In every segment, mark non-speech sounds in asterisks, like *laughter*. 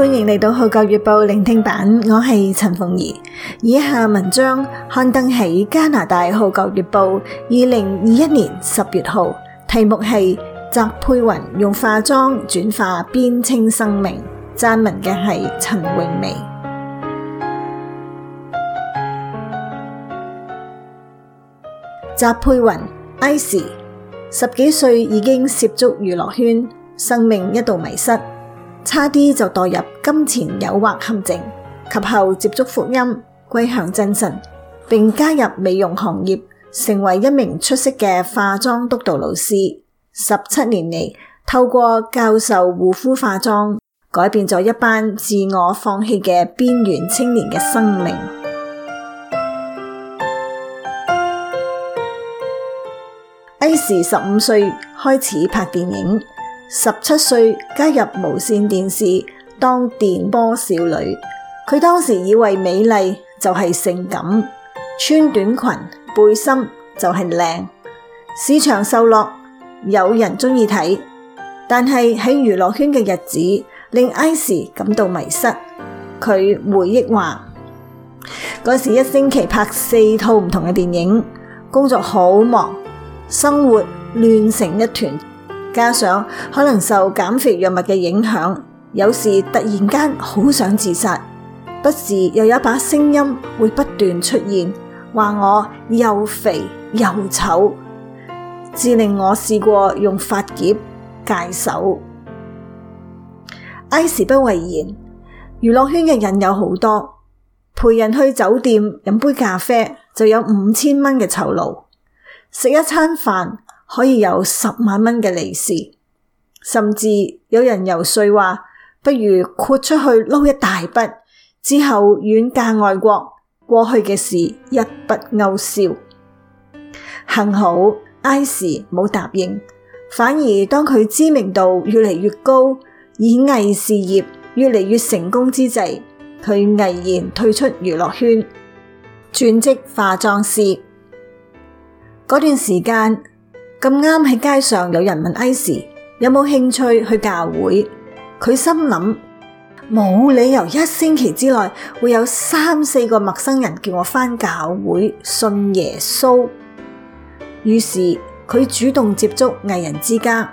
歡迎嚟到《號角月報》聆聽版，我係陳鳳儀。以下文章刊登喺加拿大《號角月報》二零二一年十月號，題目係：翟佩雲用化妝轉化邊青生命。撰文嘅係陳詠美。翟佩雲 （Icy），十幾歲已經涉足娛樂圈，生命一度迷失。差啲就墮入金錢誘惑陷阱，及後接觸福音，歸向真神，並加入美容行業，成為一名出色嘅化妝督導老師。十七年嚟，透過教授護膚化妝，改變咗一班自我放棄嘅邊緣青年嘅生命。Icy 十五歲開始拍電影。十七歲加入無綫電視當電波少女，佢當時以為美麗就係性感，穿短裙背心就係靚，市場受落，有人中意睇。但係喺娛樂圈嘅日子令 Icy 感到迷失。佢回憶話：嗰時一星期拍四套唔同嘅電影，工作好忙，生活亂成一團。加上可能受減肥藥物嘅影響，有時突然間好想自殺，不時又有一把聲音會不斷出現，話我又肥又醜，致令我試過用髮夾 𠝹 手。哀時不諱言，娛樂圈嘅人有好多，陪人去酒店飲杯咖啡就有五千蚊嘅酬勞，食一餐飯。可以有十萬蚊嘅利是，甚至有人游說話，不如豁出去撈一大筆，之後遠嫁外國。過去嘅事一筆勾銷。幸好 Icy 冇答應，反而當佢知名度越嚟越高，演藝事業越嚟越成功之際，佢毅然退出娛樂圈，轉職化妝師。嗰段時間。咁啱喺街上有人問 Icy 有冇興趣去教會，佢心諗冇理由一星期之內會有三四個陌生人叫我返教會信耶穌。於是佢主動接觸藝人之家，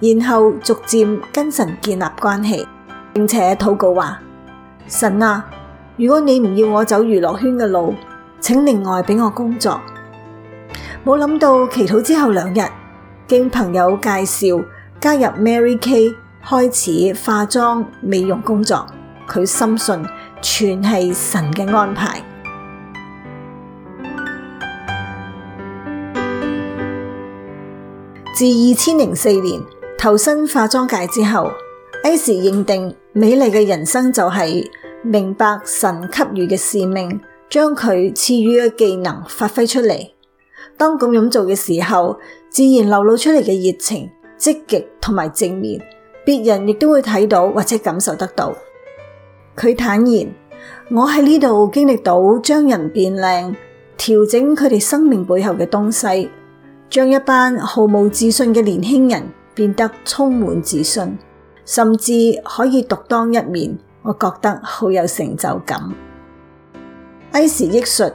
然後逐漸跟神建立關係，並且禱告話：神啊，如果你唔要我走娛樂圈嘅路，請另外俾我工作。冇諗到祈禱之後兩日，經朋友介紹加入 Mary Kay，開始化妝美容工作。佢深信全係神嘅安排。 *music* 自二千零四年投身化妝界之後 *music* ，Icy 認定美麗嘅人生就係明白神給予嘅使命，將佢賜予嘅技能發揮出嚟。當咁樣做嘅時候，自然流露出嚟嘅熱情、積極同埋正面，別人亦都會睇到或者感受得到。佢坦言：我喺呢度經歷到將人變靚，調整佢哋生命背後嘅東西，將一班毫無自信嘅年輕人變得充滿自信，甚至可以獨當一面。我覺得好有成就感。Icy 憶述。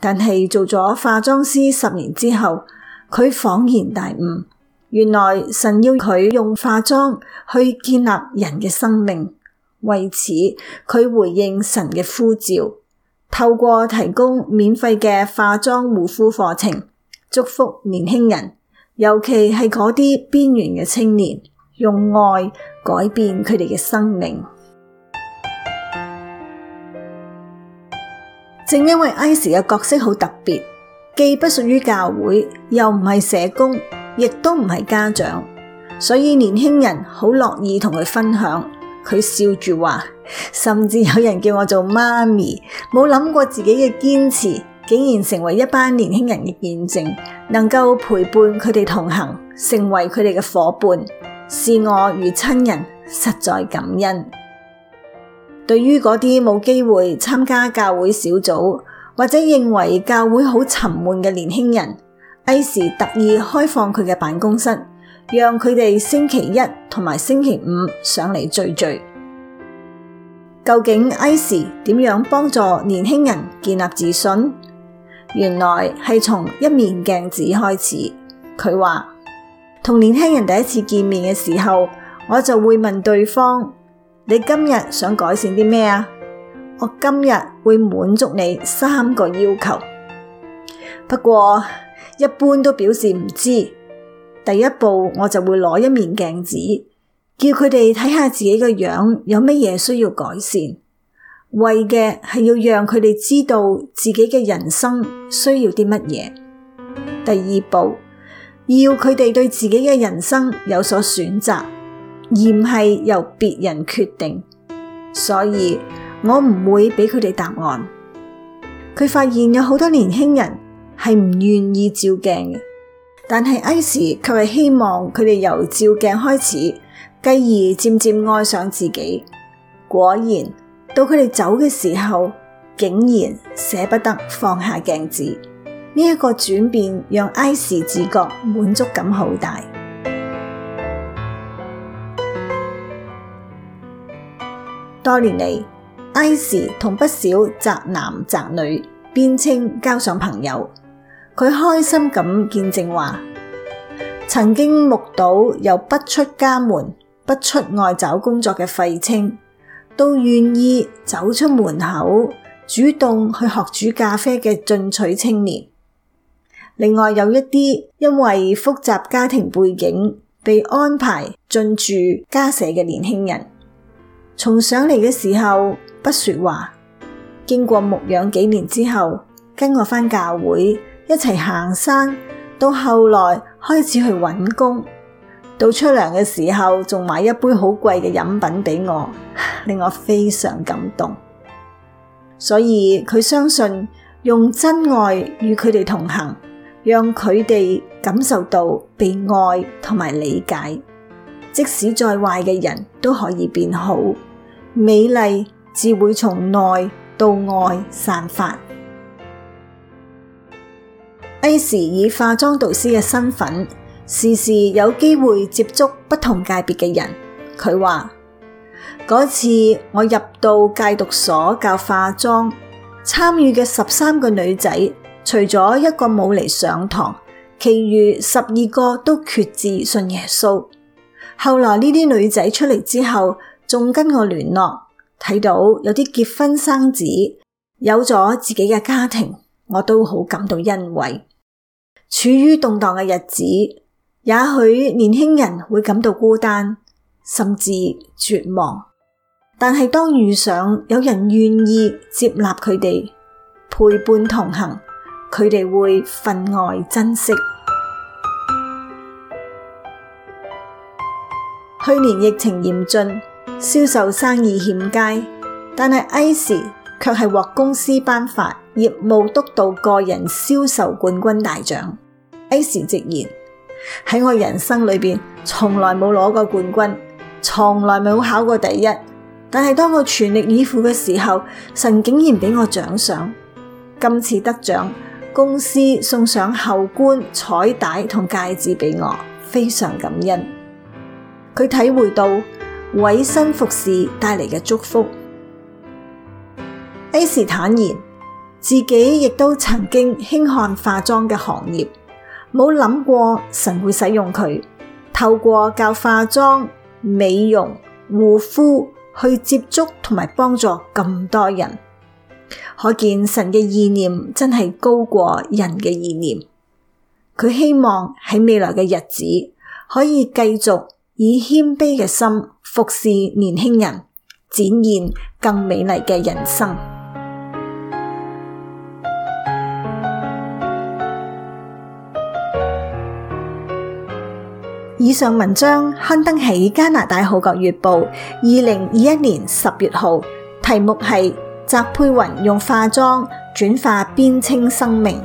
但係做咗化妝師十年之後，佢恍然大悟，原來神要佢用化妝去建立人嘅生命。為此，佢回應神嘅呼召，透過提供免費嘅化妝護膚課程，祝福年輕人，尤其係嗰啲邊緣嘅青年，用愛改變佢哋嘅生命。正因為 Icy 嘅角色好特別，既不屬於教會，又唔係社工，亦都唔係家長，所以年輕人好樂意同佢分享。佢笑住話，甚至有人叫我做媽咪，冇諗過自己嘅堅持竟然成為一班年輕人嘅見證，能夠陪伴佢哋同行，成為佢哋嘅伙伴，視我如親人，實在感恩。對於嗰啲冇機會參加教會小組或者認為教會好沉悶嘅年輕人，Icy 特意開放佢嘅辦公室，讓佢哋星期一同埋星期五上嚟聚聚。究竟 Icy 點樣幫助年輕人建立自信？原來係從一面鏡子開始。佢話同年輕人第一次見面嘅時候，我就會問對方，你今日想改善啲咩啊？我今日會滿足你三個要求，不過一般都表示唔知。第一步，我就會攞一面鏡子，叫佢哋睇下自己嘅樣，有乜嘢需要改善，為嘅係要讓佢哋知道自己嘅人生需要啲乜嘢。第二步，要佢哋對自己嘅人生有所選擇。而唔係由別人決定，所以我唔會俾佢哋答案。佢發現有好多年輕人係唔願意照鏡嘅，但係 Icy 卻係希望佢哋由照鏡開始，繼而漸漸愛上自己。果然到佢哋走嘅時候，竟然捨不得放下鏡子。呢、這、一個轉變讓 Icy 自覺滿足感好大。多年嚟，Icy 同不少宅男宅女邊青交上朋友。佢開心咁見證話，曾經目睹有不出家門、不出外找工作嘅廢青，都願意走出門口，主動去學煮咖啡嘅進取青年。另外，有一啲因為複雜家庭背景被安排進駐家舍嘅年輕人。從上嚟嘅時候不說話，經過牧養幾年之後，跟我返教會一齊行山，到後來開始去揾工，到出糧嘅時候仲買一杯好貴嘅飲品俾我，令我非常感動。所以佢相信用真愛與佢哋同行，讓佢哋感受到被愛同埋理解，即使再壞嘅人都可以變好。美麗自會從內到外散發。Icy 以化妝導師嘅身份，時時有機會接觸不同界別嘅人。佢話：嗰次我入到戒毒所教化妝，參與嘅十三個女仔，除咗一個冇嚟上堂，其餘十二個都決志信耶穌。後來呢啲女仔出嚟之後。仲跟我聯絡，睇到有啲結婚生子，有咗自己嘅家庭，我都好感到欣慰。處於動盪嘅日子，也許年輕人會感到孤單，甚至絕望。但係當遇上有人願意接納佢哋，陪伴同行，佢哋會分外珍惜。 *music* 去年疫情嚴峻。銷售生意欠佳，但係 A 時卻係獲公司頒發業務督導個人銷售冠軍大獎。A 時直言：喺我人生裏邊，從來冇攞過冠軍，從來冇考過第一。但係當我全力以赴嘅時候，神竟然俾我獎賞。今次得獎，公司送上后冠、彩帶同戒指俾我，非常感恩。佢體會到，委身服侍帶嚟嘅祝福。Icy 坦言自己亦都曾經輕看化妝嘅行業，冇諗過神會使用佢，透過教化妝、美容、護膚去接觸同埋幫助咁多人。可見神嘅意念真係高過人嘅意念。佢希望喺未來嘅日子可以繼續以謙卑嘅心，服侍年輕人，展現更美麗嘅人生。以上文章刊登喺加拿大《號角月報》二零二一年十月號，題目係《翟佩雲用化妝轉化邊青生命》，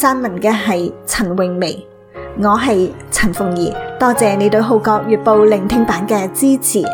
撰文嘅係陳詠薇，我係陳鳳儀。多謝你對《號角月報》聆聽版嘅支持。